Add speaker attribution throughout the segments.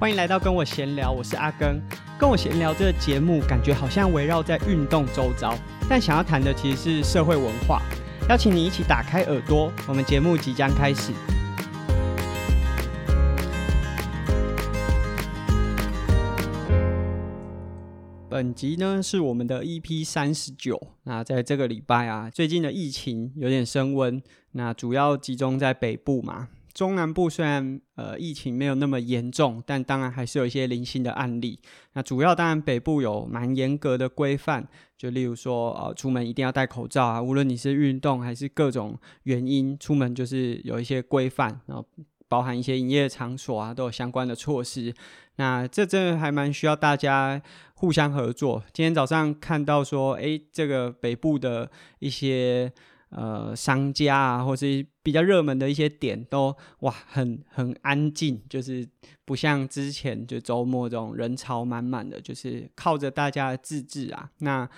Speaker 1: 歡迎來到跟我閒聊，我是阿耕。跟我閒聊這個節目，感覺好像圍繞在運動周遭，但想要談的其實是社會文化。邀請你一起打開耳朵，我們節目即將開始。本集呢是我們的 EP 三十九。那在這個禮拜啊，最近的疫情有點升溫，那主要集中在北部嘛。中南部雖然呃疫情沒有那麼嚴重，但當然還是有一些零星的案例。那主要當然北部有蠻嚴格的規範，就例如說呃出門一定要戴口罩啊，無論你是運動還是各種原因出門就是有一些規範，然後包含一些營業場所啊都有相關的措施。那這真的還蠻需要大家互相合作。今天早上看到說，誒這個北部的一些。呃，商家啊，或是比較熱門的一些點，都哇，很很安靜，就是不像之前就周末這種人潮滿滿的，就是靠着大家的自制啊，那。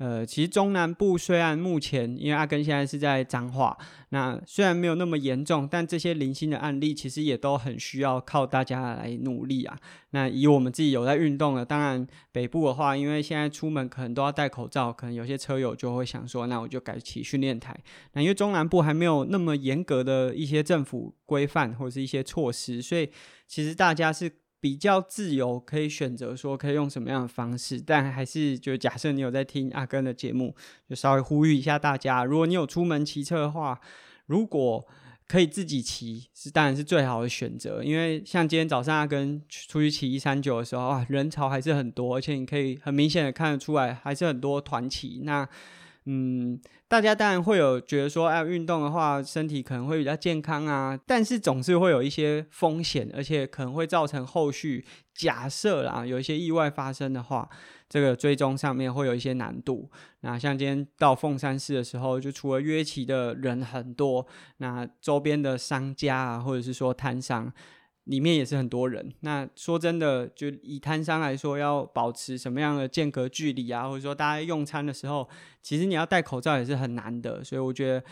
Speaker 1: 呃，其實中南部雖然目前因為阿耕現在是在彰化，那雖然沒有那麼嚴重，但這些零星的案例其實也都很需要靠大家來努力啊。那以我們自己有在運動的，當然北部的話，因為現在出門可能都要戴口罩，可能有些車友就會想說，那我就改起訓練台。那因為中南部還沒有那麼嚴格的一些政府規範或者是一些措施，所以其實大家是。比較自由，可以選擇說可以用什麼樣的方式，但還是就假設你有在聽阿耕的節目，就稍微呼籲一下大家，如果你有出門騎車的話，如果可以自己騎，是當然是最好的選擇，因為像今天早上阿耕出去騎一三九的時候啊，人潮還是很多，而且你可以很明顯的看得出來，還是很多團騎那。嗯，大家當然會有覺得說，哎，運動的話，身體可能會比較健康啊，但是總是會有一些風險，而且可能會造成後續假設啊，有一些意外發生的話，這個追蹤上面會有一些難度。那像今天到鳳山市的時候，就除了約騎的人很多，那周邊的商家啊，或者是說攤商。裡面也是很多人。那說真的，就以攤商來說，要保持什麼樣的間隔距離啊，或者說大家用餐的時候，其實你要戴口罩也是很難的。所以我覺得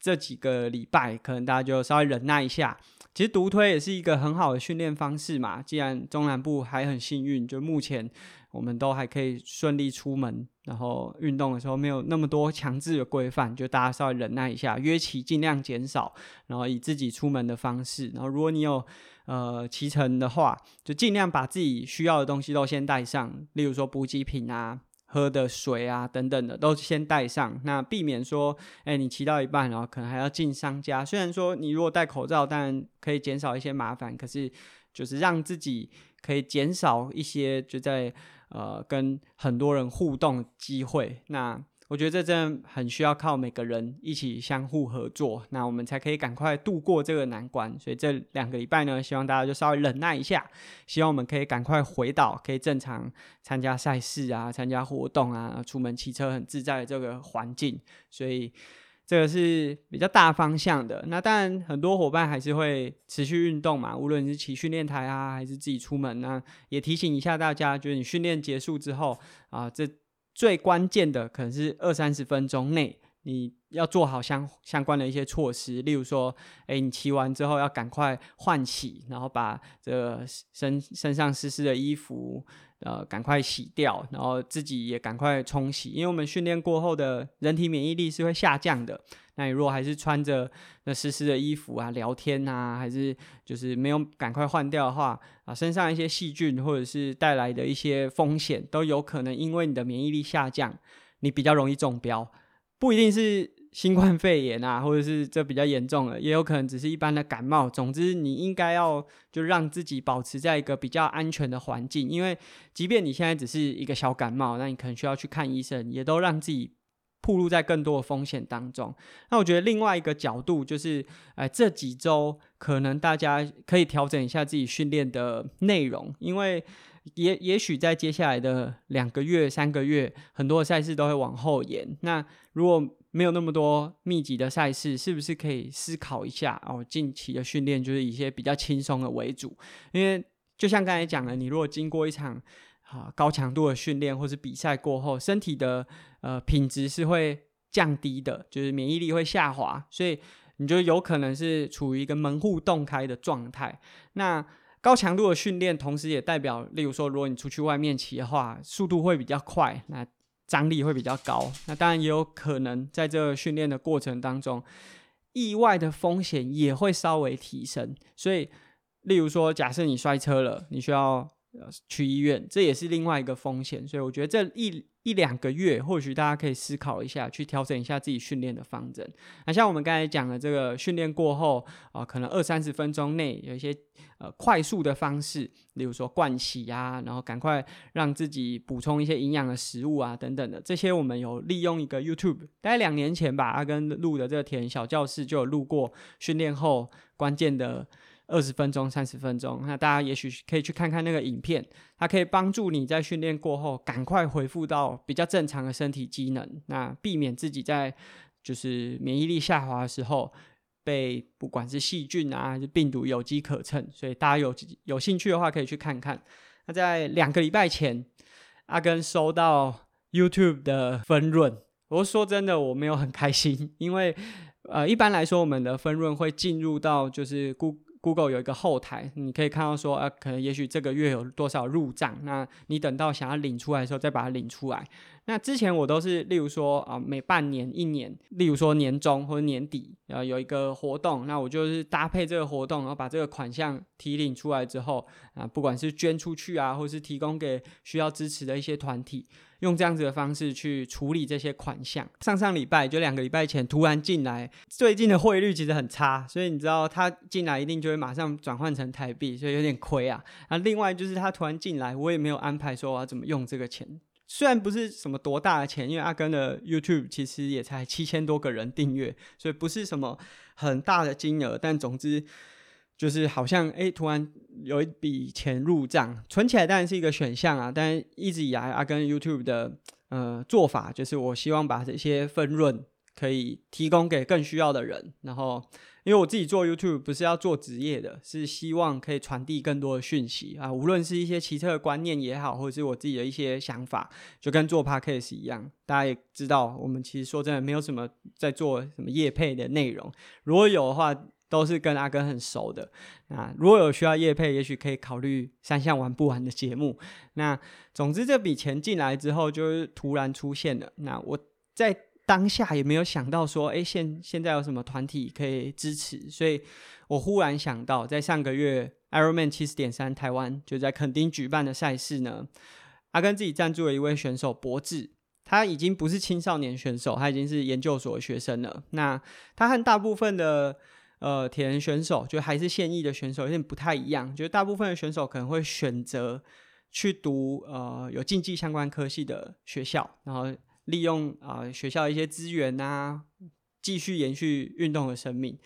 Speaker 1: 這幾個禮拜可能大家就稍微忍耐一下。其實獨推也是一個很好的訓練方式嘛。既然中南部還很幸運，就目前我們都還可以順利出門。然後運動的時候沒有那麼多強制的規範，就大家稍微忍耐一下，約騎盡量減少。然後以自己出門的方式，然後如果你有呃騎乘的話，就盡量把自己需要的東西都先帶上，例如說補給品啊、喝的水啊等等的都先帶上，那避免說，哎，你騎到一半然後可能還要進商家。雖然說你如果戴口罩，但可以減少一些麻煩，可是就是讓自己可以減少一些就在。呃，跟很多人互動機會，那我覺得這真的很需要靠每個人一起相互合作，那我們才可以趕快度過這個難關。所以這兩個禮拜呢，希望大家就稍微忍耐一下，希望我們可以趕快回到可以正常參加賽事啊、參加活動啊、出門騎車很自在的這個環境。所以。這個是比較大方向的。那當然很多夥伴還是會持續運動嘛，無論是騎訓練台啊，還是自己出門啊，也提醒一下大家，就是你訓練結束之後啊，這最關鍵的可能是二三十分鐘內。你要做好相相關的一些措施，例如說，哎、欸，你騎完之後要趕快換洗，然後把這身身上濕濕的衣服，呃，趕快洗掉，然後自己也趕快沖洗，因為我們訓練過後的人體免疫力是會下降的。那你如果還是穿着那濕濕的衣服啊，聊天啊，還是就是沒有趕快換掉的話啊，身上一些細菌或者是帶來的一些風險，都有可能因為你的免疫力下降，你比較容易中標。不一定是新冠肺炎啊，或者是這比較嚴重的，也有可能只是一般的感冒。總之，你應該要就讓自己保持在一個比較安全的環境，因為即便你現在只是一個小感冒，那你可能需要去看醫生，也都讓自己暴露在更多的風險當中。那我覺得另外一個角度就是，哎、呃，這幾周可能大家可以調整一下自己訓練的內容，因為。也也許在接下來的兩個月、三個月，很多的賽事都會往後延。那如果沒有那麼多密集的賽事，是不是可以思考一下哦？近期的訓練就是一些比較輕鬆的為主，因為就像剛才講的，你如果經過一場啊高強度的訓練或是比賽過後，身體的呃品質是會降低的，就是免疫力會下滑，所以你就有可能是處於一個門戶洞開的狀態。那高強度的訓練，同時也代表，例如說，如果你出去外面騎的話，速度會比較快，那張力會比較高。那當然也有可能，在這訓練的過程當中，意外的風險也會稍微提升。所以，例如說，假設你摔車了，你需要去醫院，這也是另外一個風險。所以，我覺得這一。一兩個月，或許大家可以思考一下，去調整一下自己訓練的方針。那像我們剛才講的這個訓練過後啊、呃，可能二三十分鐘內有一些呃快速的方式，例如說盥洗啊，然後趕快讓自己補充一些營養的食物啊等等的。這些我們有利用一個 YouTube，大概兩年前吧，阿耕錄的這個田小教室就有錄過訓練後關鍵的。二十分鐘、三十分鐘，那大家也許可以去看看那個影片，它可以幫助你在訓練過後趕快恢復到比較正常的身體機能，那避免自己在就是免疫力下滑的時候被不管是細菌啊、病毒有機可乘。所以大家有有興趣的話，可以去看看。那在兩個禮拜前，阿耕收到 YouTube 的分潤，我說真的，我沒有很開心，因為呃，一般來說我們的分潤會進入到就是顧。Google 有一個後台，你可以看到說，啊，可能也許這個月有多少入賬，那你等到想要領出來的時候再把它領出來。那之前我都是，例如說啊，每半年、一年，例如說年終或者年底，啊，有一個活動，那我就是搭配這個活動，然後把這個款項提領出來之後，啊，不管是捐出去啊，或是提供給需要支持的一些團體，用這樣子的方式去處理這些款項。上上禮拜就兩個禮拜前突然進來，最近的匯率其實很差，所以你知道他進來一定就會馬上轉換成台幣，所以有點虧啊，啊。那另外就是他突然進來，我也沒有安排說我要怎麼用這個錢。雖然不是什麼多大的錢，因為阿耕的 YouTube 其實也才七千多個人訂閱，所以不是什麼很大的金額。但總之，就是好像哎、欸，突然有一筆錢入賬，存起來當然是一個選項啊。但一直以來，阿耕 YouTube 的，you 的呃做法就是，我希望把這些分潤可以提供給更需要的人，然後。因為我自己做 YouTube 不是要做職業的，是希望可以傳遞更多的訊息啊，無論是一些奇特的觀念也好，或者是我自己的一些想法，就跟做 Podcast 一樣，大家也知道，我們其實說真的沒有什麼在做什麼業配的內容，如果有的話，都是跟阿耕很熟的。那如果有需要業配，也許可以考慮三項玩不完的節目。那總之這筆錢進來之後，就是突然出現了。那我在。當下也沒有想到說，哎、欸，現現在有什麼團體可以支持？所以我忽然想到，在上個月 Ironman 七十點三台灣就在墾丁舉辦的賽事呢，阿耕自己贊助了一位選手博智。他已經不是青少年選手，他已經是研究所的學生了。那他和大部分的呃鐵人選手，就還是現役的選手有點不太一樣，就是大部分的選手可能會選擇去讀呃有競技相關科系的學校，然後。利用啊、呃、學校一些資源啊，繼續延續運動的生命。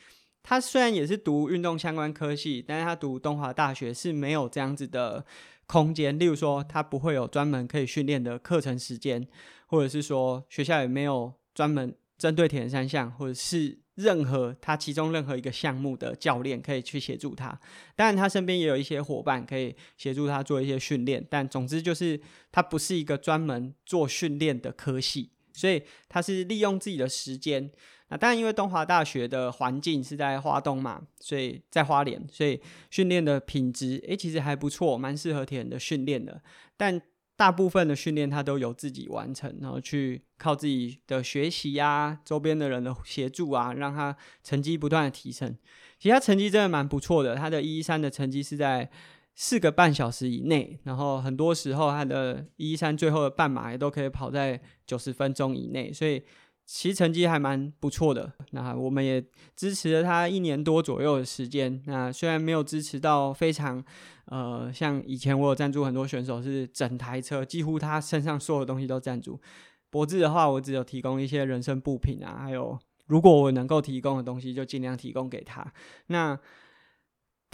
Speaker 1: 他雖然也是讀運動相關科系，但是他讀東華大學是沒有這樣子的空間。例如說，他不會有專門可以訓練的課程時間，或者是說學校也沒有專門針對鐵人三項，或者是。任何他其中任何一個項目的教練可以去協助他，當然他身邊也有一些夥伴可以協助他做一些訓練，但總之就是他不是一個專門做訓練的科系，所以他是利用自己的時間。那當然因為東華大學的環境是在花東嘛，所以在花蓮，所以訓練的品質誒其實還不錯，蠻適合鐵人的訓練的，但。大部分的訓練他都由自己完成，然後去靠自己的學習啊，周邊的人的協助啊，讓他成績不斷的提升。其實他成績真的蠻不錯的，他的一一三的成績是在四個半小時以內，然後很多時候他的一一三最後的半馬也都可以跑在九十分鐘以內，所以，其實成績還蠻不錯的，那我們也支持了他一年多左右的時間。那雖然沒有支持到非常，呃，像以前我有贊助很多選手是整台車，幾乎他身上所有東西都贊助。博智的話，我只有提供一些人身部品啊，還有如果我能夠提供的東西，就儘量提供給他。那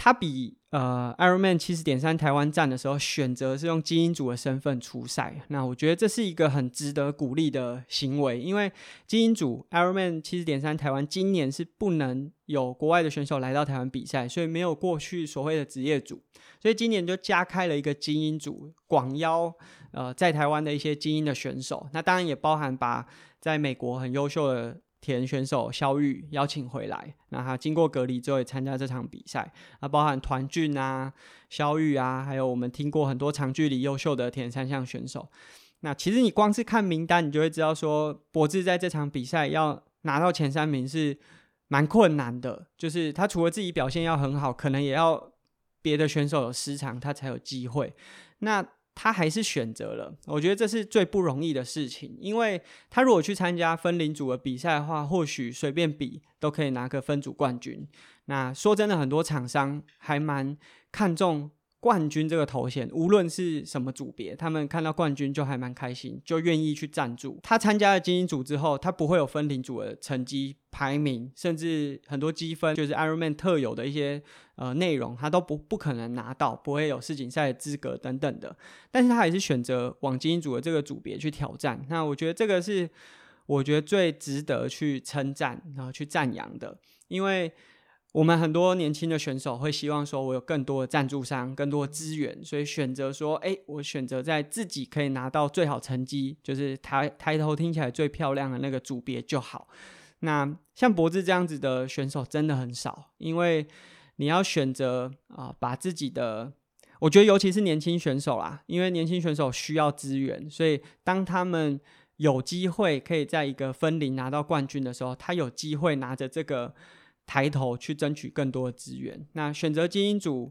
Speaker 1: 他比呃 Ironman 七十點三台灣站的時候選擇是用精英組的身份出賽，那我覺得這是一個很值得鼓勵的行為，因為精英組 Ironman 七十點三台灣今年是不能有國外的選手來到台灣比賽，所以沒有過去所謂的職業組，所以今年就加開了一個精英組，廣邀呃在台灣的一些精英的選手，那當然也包含把在美國很優秀的。田選手蕭昱邀請回來，那他經過隔離之後也參加這場比賽。啊，包含團畯啊、蕭昱啊，還有我們聽過很多長距離優秀的鐵三項選手。那其實你光是看名單，你就會知道說，博智在這場比賽要拿到前三名是蠻困難的。就是他除了自己表現要很好，可能也要別的選手有失常，他才有機會。那。他還是選擇了，我覺得這是最不容易的事情，因為他如果去參加分齡組的比賽的話，或許隨便比都可以拿個分組冠軍。那說真的，很多廠商還蠻看重。冠軍這個頭銜，無論是什麼組別，他們看到冠軍就還蠻開心，就願意去贊助。他參加了精英組之後，他不會有分齡組的成績排名，甚至很多積分，就是 Ironman 特有的一些呃內容，他都不不可能拿到，不會有世錦賽的資格等等的。但是他也是選擇往精英組的這個組別去挑戰。那我覺得這個是我覺得最值得去稱讚，然後去讚揚的，因為。我們很多年輕的選手會希望說，我有更多的贊助商，更多的資源，所以選擇說，哎、欸，我選擇在自己可以拿到最好成績，就是抬抬頭聽起來最漂亮的那個組別就好。那像博智這樣子的選手真的很少，因為你要選擇啊、呃，把自己的，我覺得尤其是年輕選手啦，因為年輕選手需要資源，所以當他們有機會可以在一個分齡拿到冠軍的時候，他有機會拿着這個。抬頭去爭取更多的資源。那選擇精英組，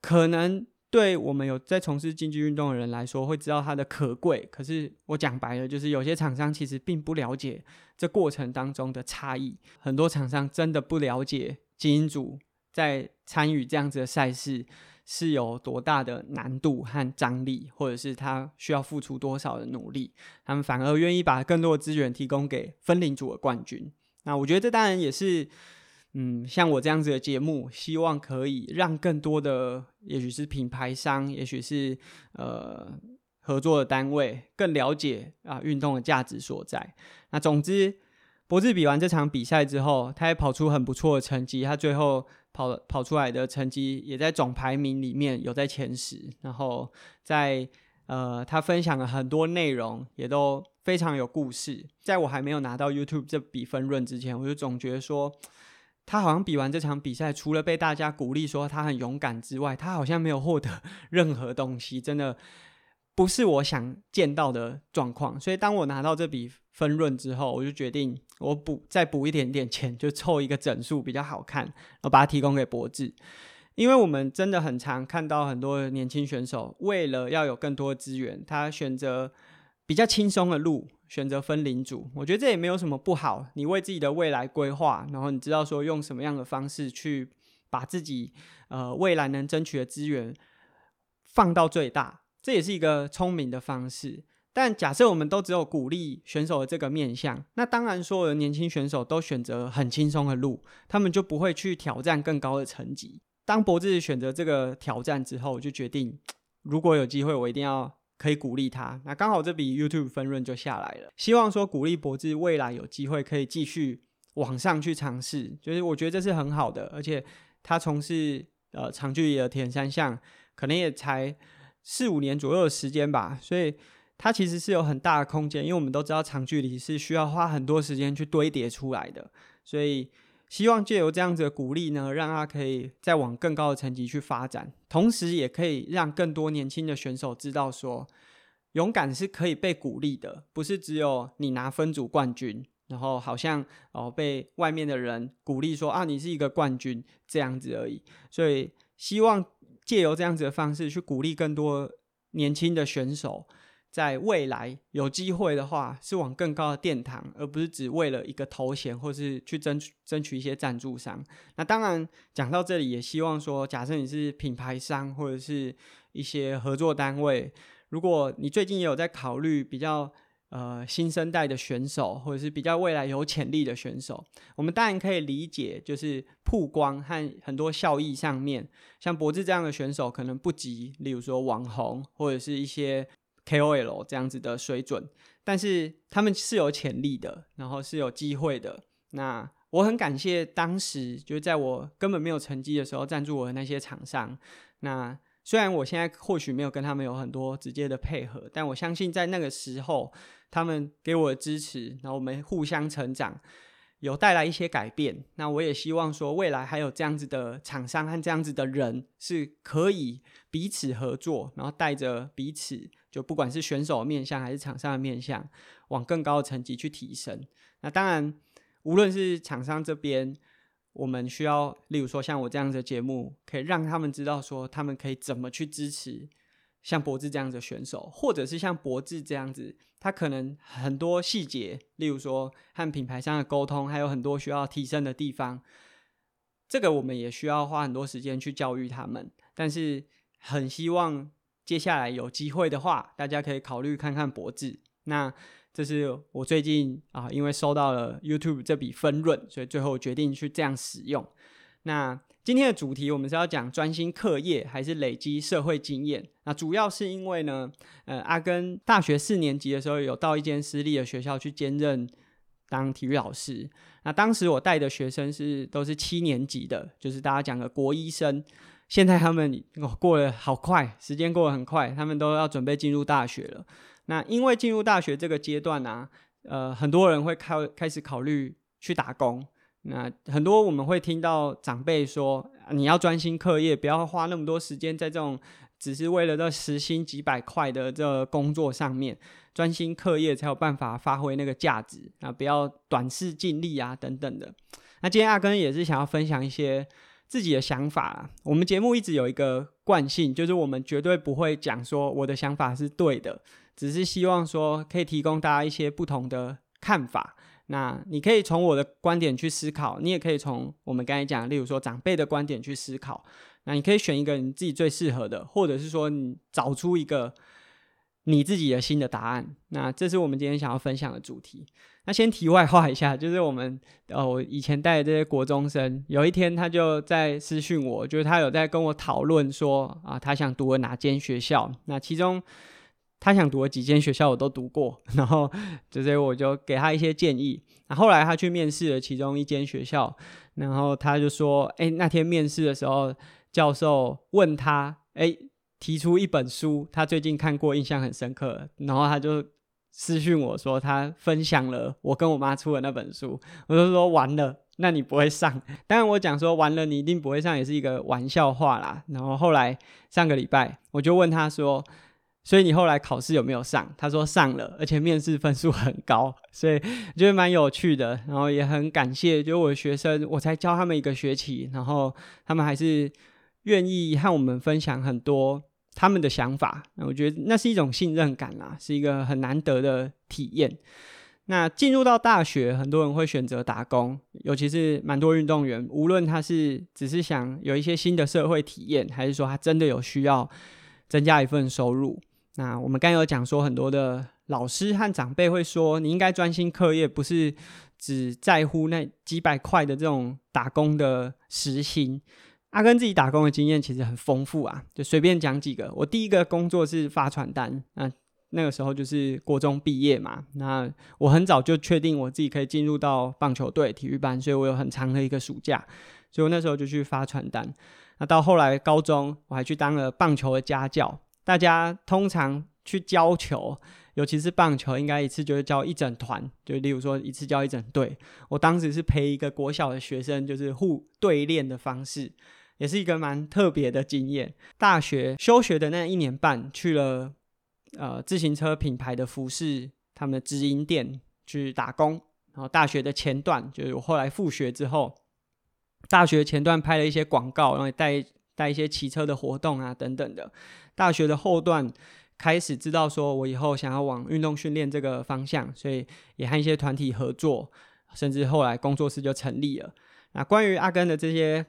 Speaker 1: 可能對我們有在從事競技運動的人來說，會知道它的可貴。可是我講白了，就是有些廠商其實並不了解這過程當中的差異。很多廠商真的不了解精英組在參與這樣子的賽事是有多大的難度和張力，或者是他需要付出多少的努力。他們反而願意把更多的資源提供給分齡組的冠軍。那我覺得這當然也是。嗯，像我這樣子的節目，希望可以讓更多的，也許是品牌商，也許是呃合作的單位，更了解啊呃運動的價值所在。那總之，博智比完這場比賽之後，他也跑出很不錯的成績，他最後跑跑出來的成績也在總排名裡面有在前十。然後在呃，他分享了很多內容，也都非常有故事。在我還沒有拿到 YouTube 這筆分潤之前，我就總覺得說。他好像比完這場比賽，除了被大家鼓勵說他很勇敢之外，他好像沒有獲得任何東西。真的不是我想見到的狀況。所以當我拿到這筆分潤之後，我就決定我補再補一點點錢，就湊一個整數比較好看，我把它提供給博智。因為我們真的很常看到很多年輕選手為了要有更多資源，他選擇比較輕鬆的路。選擇分齡組，我覺得這也沒有什麼不好。你為自己的未來規劃，然後你知道說用什麼樣的方式去把自己呃未來能爭取的資源放到最大，這也是一個聰明的方式。但假設我們都只有鼓勵選手的這個面向，那當然所有的年輕選手都選擇很輕鬆的路，他們就不會去挑戰更高的層級。當博智選擇這個挑戰之後，我就決定如果有機會，我一定要。可以鼓勵他，那剛好這筆 YouTube 分潤就下來了。希望說鼓勵博智未來有機會可以繼續往上去嘗試，就是我覺得這是很好的，而且他從事呃長距離的鐵人三項，可能也才四五年左右的時間吧，所以他其實是有很大的空間，因為我們都知道長距離是需要花很多時間去堆疊出來的，所以。希望借由這樣子的鼓勵呢，讓他可以再往更高的層級去發展，同時也可以讓更多年輕的選手知道說，勇敢是可以被鼓勵的，不是只有你拿分組冠軍，然後好像哦，被外面的人鼓勵說啊，你是一個冠軍這樣子而已。所以希望借由這樣子的方式去鼓勵更多年輕的選手。在未來有機會的話，是往更高的殿堂，而不是只為了一個頭銜，或是去爭取爭取一些贊助商。那當然講到這裡，也希望說，假設你是品牌商或者是一些合作單位，如果你最近也有在考慮比較呃新生代的選手，或者是比較未來有潛力的選手，我們當然可以理解，就是曝光和很多效益上面，像博智這樣的選手可能不及，例如說網紅或者是一些。KOL 這樣子的水準，但是他們是有潛力的，然後是有機會的。那我很感謝當時就是在我根本沒有成績的時候贊助我的那些廠商。那雖然我現在或許沒有跟他們有很多直接的配合，但我相信在那個時候他們給我的支持，然後我們互相成長，有帶來一些改變。那我也希望說未來還有這樣子的廠商和這樣子的人是可以彼此合作，然後帶着彼此。就不管是選手的面向還是廠商的面向，往更高的層級去提升。那當然，無論是廠商這邊，我們需要，例如說像我這樣子的節目，可以讓他們知道說他們可以怎麼去支持像博智這樣子的選手，或者是像博智這樣子，他可能很多細節，例如說和品牌商的溝通，還有很多需要提升的地方。這個我們也需要花很多時間去教育他們，但是很希望。接下來有機會的話，大家可以考慮看看博智。那這是我最近啊，因為收到了 YouTube 這筆分潤，所以最後決定去這樣使用。那今天的主題，我們是要講專心課業還是累積社會經驗？那主要是因為呢，呃，阿耕大學四年級的時候，有到一間私立的學校去兼任當體育老師。那當時我帶的學生是都是七年級的，就是大家講的國一生。現在他們哦過得好快，時間過得很快，他們都要準備進入大學了。那因為進入大學這個階段呢、啊，呃，很多人會開開始考慮去打工。那很多我們會聽到長輩說，你要專心課業，不要花那麼多時間在這種只是為了這時薪幾百塊的這工作上面，專心課業才有辦法發揮那個價值啊，不要短視近利啊等等的。那今天阿耕也是想要分享一些。自己的想法啊，我們節目一直有一個慣性，就是我們絕對不會講說我的想法是對的，只是希望說可以提供大家一些不同的看法。那你可以從我的觀點去思考，你也可以從我們剛才講的，例如說長輩的觀點去思考。那你可以選一個你自己最適合的，或者是說你找出一個。你自己的新的答案，那這是我們今天想要分享的主題。那先題外話一下，就是我們哦，我以前帶的這些國中生，有一天他就在私訊我，就是他有在跟我討論說啊，他想讀了哪間學校。那其中他想讀的幾間學校，我都讀過，然後所以我就給他一些建議。那後來他去面試了其中一間學校，然後他就說，誒，那天面試的時候，教授問他，誒……提出一本書，他最近看過，印象很深刻，然後他就私訊我說他分享了我跟我媽出的那本書，我就說完了，那你不會上？當然我講說完了，你一定不會上，也是一個玩笑話啦。然後後來上個禮拜我就問他說，所以你後來考試有沒有上？他說上了，而且面試分數很高，所以覺得蠻有趣的，然後也很感謝，就我的學生，我才教他們一個學期，然後他們還是願意和我們分享很多他們的想法，那我覺得那是一種信任感啦，是一個很難得的體驗。那進入到大學，很多人會選擇打工，尤其是蠻多運動員，無論他是只是想有一些新的社會體驗，還是說他真的有需要增加一份收入。那我們剛剛有講說，很多的老師和長輩會說，你應該專心課業，不是只在乎那幾百塊的這種打工的時薪。阿耕、啊、自己打工的經驗其實很豐富啊，就隨便講幾個。我第一個工作是發傳單，那那個時候就是國中畢業嘛，那我很早就確定我自己可以進入到棒球隊、體育班，所以我有很長的一個暑假，所以我那時候就去發傳單。那到後來高中，我還去當了棒球的家教。大家通常去教球，尤其是棒球，應該一次就會教一整團，就例如說一次教一整隊。我當時是陪一個國小的學生，就是互對練的方式。也是一個蠻特別的經驗。大學休學的那一年半，去了呃自行車品牌的服飾，他們的直營店去打工。然後大學的前段，就是我後來復學之後，大學前段拍了一些廣告，然後帶帶一些騎車的活動啊等等的。大學的後段開始知道說，我以後想要往運動訓練這個方向，所以也和一些團體合作，甚至後來工作室就成立了。那關於阿耕的這些。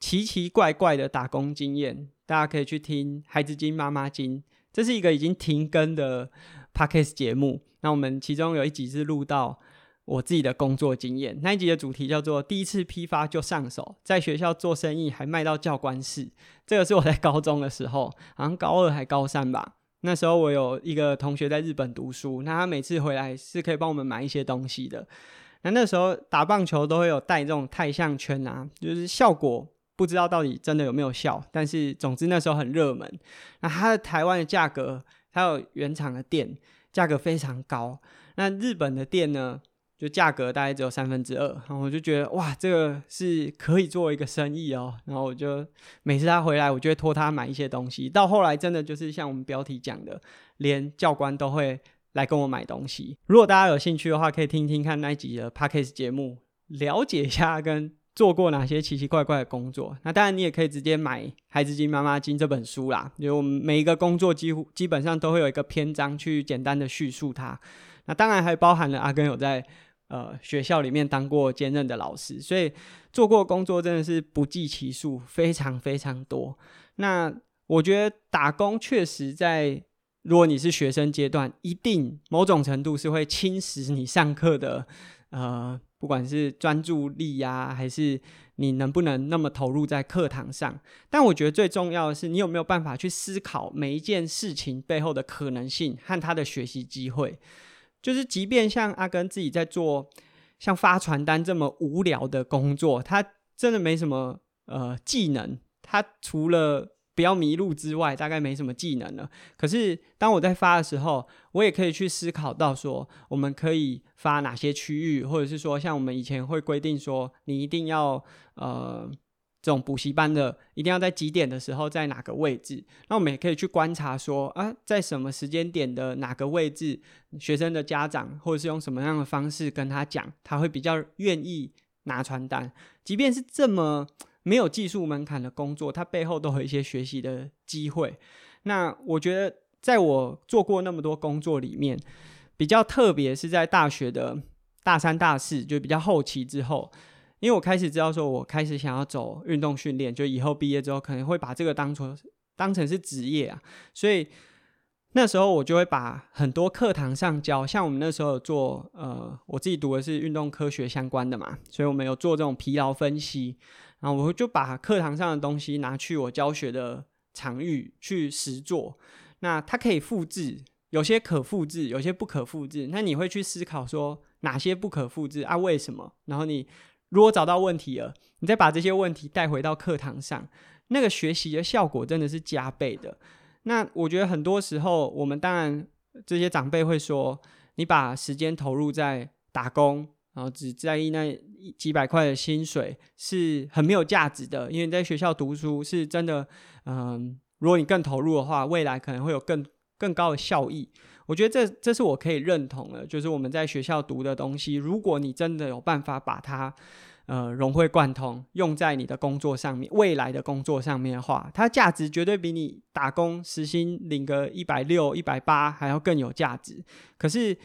Speaker 1: 奇奇怪怪的打工經驗，大家可以去聽《孩子經媽媽經》，這是一個已經停更的 Podcast 節目。那我們其中有一集是錄到我自己的工作經驗，那一集的主題叫做“第一次批發就上手，在學校做生意還賣到教官室”。這個是我在高中的時候，好像高二還高三吧。那時候我有一個同學在日本讀書，那他每次回來是可以幫我們買一些東西的。那那時候打棒球都會有帶這種鈦項圈啊，就是效果，不知道到底真的有沒有效，但是總之那時候很熱門。那它的台灣的價格還有原廠的店價格非常高，那日本的店呢，就價格大概只有三分之二，然後我就覺得哇，這個是可以做一個生意喔。然後我就每次他回來，我就會托他買一些東西。到後來真的就是像我們標題講的，連教官都會來跟我買東西。如果大家有興趣的話，可以聽聽看那一集的 podcast 節目，了解一下跟。做過哪些奇奇怪怪的工作？那當然，你也可以直接買《孩子經媽媽經》這本書啦，因為我們每一個工作幾乎基本上都會有一個篇章去簡單的敘述它。那當然還包含了阿耕有在呃學校裡面當過兼任的老師，所以做過工作真的是不計其數，非常非常多。那我覺得打工確實在如果你是學生階段，一定某種程度是會侵蝕你上課的呃。不管是專注力呀、啊，還是你能不能那麼投入在課堂上，但我覺得最重要的是，你有沒有辦法去思考每一件事情背後的可能性和他的學習機會。就是，即便像阿耕自己在做像發傳單這麼無聊的工作，他真的沒什麼呃技能，他除了。不要迷路之外，大概沒什麼技能了。可是當我在發的時候，我也可以去思考到說，我們可以發哪些區域，或者是說，像我們以前會規定說，你一定要呃，這種補習班的一定要在幾點的時候，在哪個位置。那我們也可以去觀察說，啊，在什麼時間點的哪個位置，學生的家長或者是用什麼樣的方式跟他講，他會比較願意拿傳單。即便是這麼。沒有技術門檻的工作，它背後都有一些學習的機會。那我覺得，在我做過那麼多工作裡面，比較特別是，在大學的大三、大四，就比較後期之後，因為我開始知道說，我開始想要走運動訓練，就以後畢業之後可能會把這個當成當成是職業啊。所以那時候我就會把很多課堂上教，像我們那時候做，呃，我自己讀的是運動科學相關的嘛，所以我們有做這種疲勞分析。然後我就把課堂上的東西拿去我教學的場域去實做，那它可以複製，有些可複製，有些不可複製。那你會去思考說哪些不可複製啊？為什麼？然後你如果找到問題了，你再把這些問題帶回到課堂上，那個學習的效果真的是加倍的。那我覺得很多時候，我們當然這些長輩會說，你把時間投入在打工，然後只在意那。幾百塊的薪水是很沒有價值的，因為你在學校讀書是真的，嗯、呃，如果你更投入的話，未來可能會有更更高的效益。我覺得這這是我可以認同的，就是我們在學校讀的東西，如果你真的有辦法把它呃融會貫通，用在你的工作上面，未來的工作上面的話，它價值絕對比你打工時薪領個一百六、一百八還要更有價值。可是。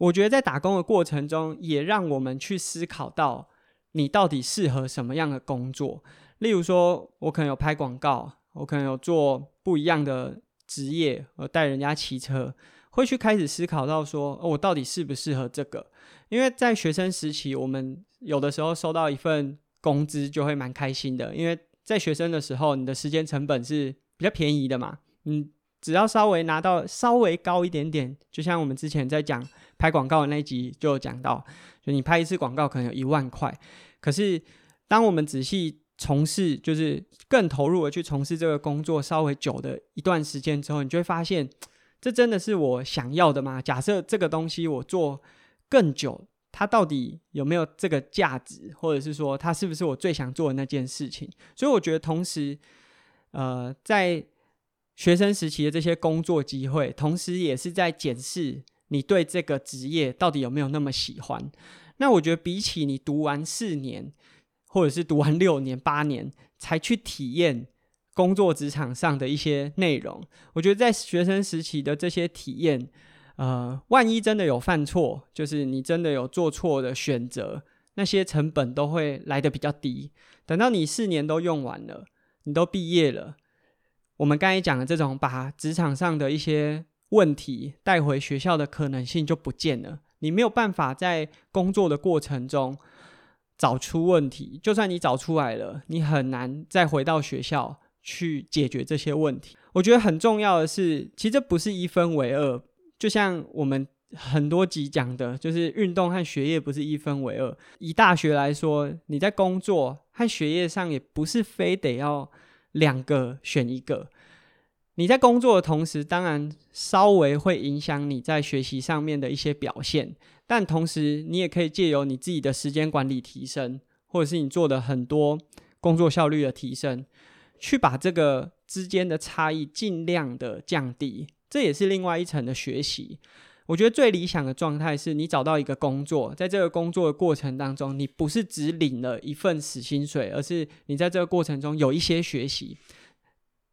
Speaker 1: 我覺得在打工的過程中，也讓我們去思考到你到底適合什麼樣的工作。例如說，我可能有拍廣告，我可能有做不一樣的職業，我帶人家騎車，會去開始思考到說，我到底適不適合這個？因為在學生時期，我們有的時候收到一份工資就會蠻開心的，因為在學生的時候，你的時間成本是比較便宜的嘛，你只要稍微拿到稍微高一點點，就像我們之前在講。拍廣告的那一集就有講到，就你拍一次廣告可能有一萬塊，可是當我們仔細從事，就是更投入的去從事這個工作，稍微久的一段時間之後，你就會發現，這真的是我想要的嗎？假設這個東西我做更久，它到底有沒有這個價值，或者是說它是不是我最想做的那件事情？所以我覺得，同時，呃，在學生時期的這些工作機會，同時也是在檢視。你對這個職業到底有沒有那麼喜歡？那我覺得比起你讀完四年，或者是讀完六年、八年才去體驗工作職場上的一些內容，我覺得在學生時期的這些體驗，呃，萬一真的有犯錯，就是你真的有做錯的選擇，那些成本都會來得比較低。等到你四年都用完了，你都畢業了，我們剛才講的這種把職場上的一些。問題帶回學校的可能性就不見了。你沒有辦法在工作的過程中找出問題，就算你找出來了，你很難再回到學校去解決這些問題。我覺得很重要的是，其實不是一分為二。就像我們很多集講的，就是運動和學業不是一分為二。以大學來說，你在工作和學業上也不是非得要兩個選一個。你在工作的同時，當然稍微會影響你在學習上面的一些表現，但同時你也可以借由你自己的時間管理提升，或者是你做的很多工作效率的提升，去把這個之間的差異盡量的降低。這也是另外一層的學習。我覺得最理想的狀態是你找到一個工作，在這個工作的過程當中，你不是只領了一份死薪水，而是你在這個過程中有一些學習。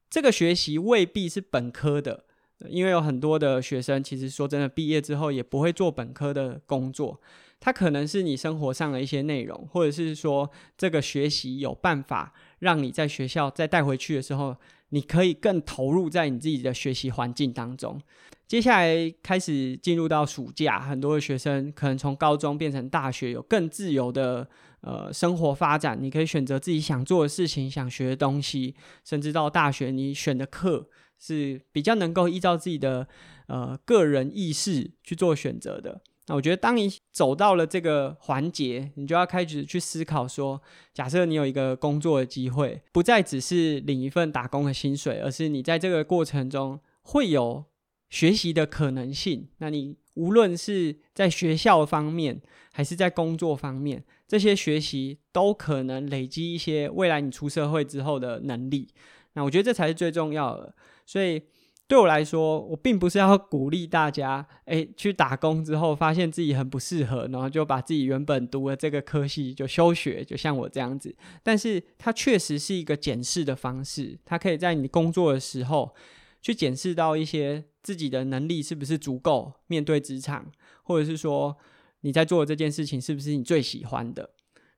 Speaker 1: 這個學習未必是本科的，因為有很多的學生其實說真的，畢業之後也不會做本科的工作，它可能是你生活上的一些內容，或者是說這個學習有辦法讓你在學校再帶回去的時候，你可以更投入在你自己的學習環境當中。接下來開始進入到暑假，很多的學生可能從高中變成大學，有更自由的。呃，生活發展，你可以選擇自己想做的事情、想學的東西，甚至到大學，你選的課是比較能夠依照自己的呃個人意識去做選擇的。那我覺得，當你走到了這個環節，你就要開始去思考說，假設你有一個工作的機會，不再只是領一份打工的薪水，而是你在這個過程中會有學習的可能性。那你無論是在學校方面，還是在工作方面，這些學習都可能累積一些未來你出社會之後的能力，那我覺得這才是最重要的。所以對我來說，我並不是要鼓勵大家、欸，誒去打工之後發現自己很不適合，然後就把自己原本讀的這個科系就休學，就像我這樣子。但是它確實是一個檢視的方式，它可以在你工作的時候去檢視到一些自己的能力是不是足夠面對職場，或者是說你在做的這件事情是不是你最喜歡的？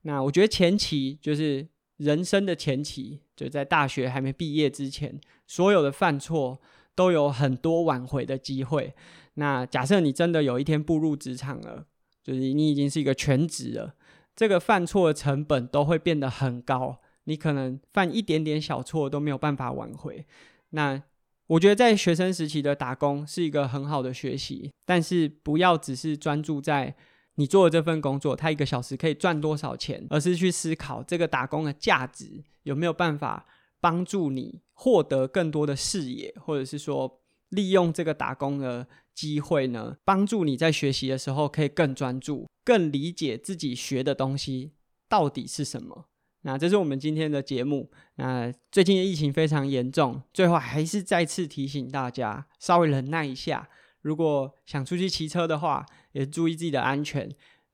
Speaker 1: 那我覺得前期就是人生的前期，就在大學還沒畢業之前，所有的犯錯都有很多挽回的機會。那假設你真的有一天步入職場了，就是你已經是一個全職了，這個犯錯的成本都會變得很高，你可能犯一點點小錯都沒有辦法挽回。那我覺得在學生時期的打工是一個很好的學習，但是不要只是專注在。你做的這份工作，他一個小時可以賺多少錢？而是去思考這個打工的價值有沒有辦法幫助你獲得更多的視野，或者是說利用這個打工的機會呢，幫助你在學習的時候可以更專注、更理解自己學的東西到底是什麼。那這是我們今天的節目。那最近的疫情非常嚴重，最後還是再次提醒大家，稍微忍耐一下。如果想出去騎車的話，也注意自己的安全，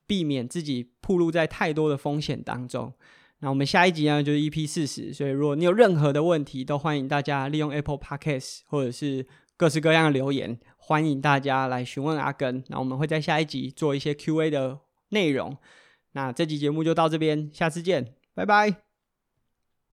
Speaker 1: 避免自己暴露在太多的風險當中。那我們下一集呢就是 EP40，所以如果你有任何的問題，都歡迎大家利用 Apple Podcast 或者是各式各樣的留言，歡迎大家來詢問阿耕。那我們會在下一集做一些 Q&A 的內容。那這集節目就到這邊，下次見，拜拜。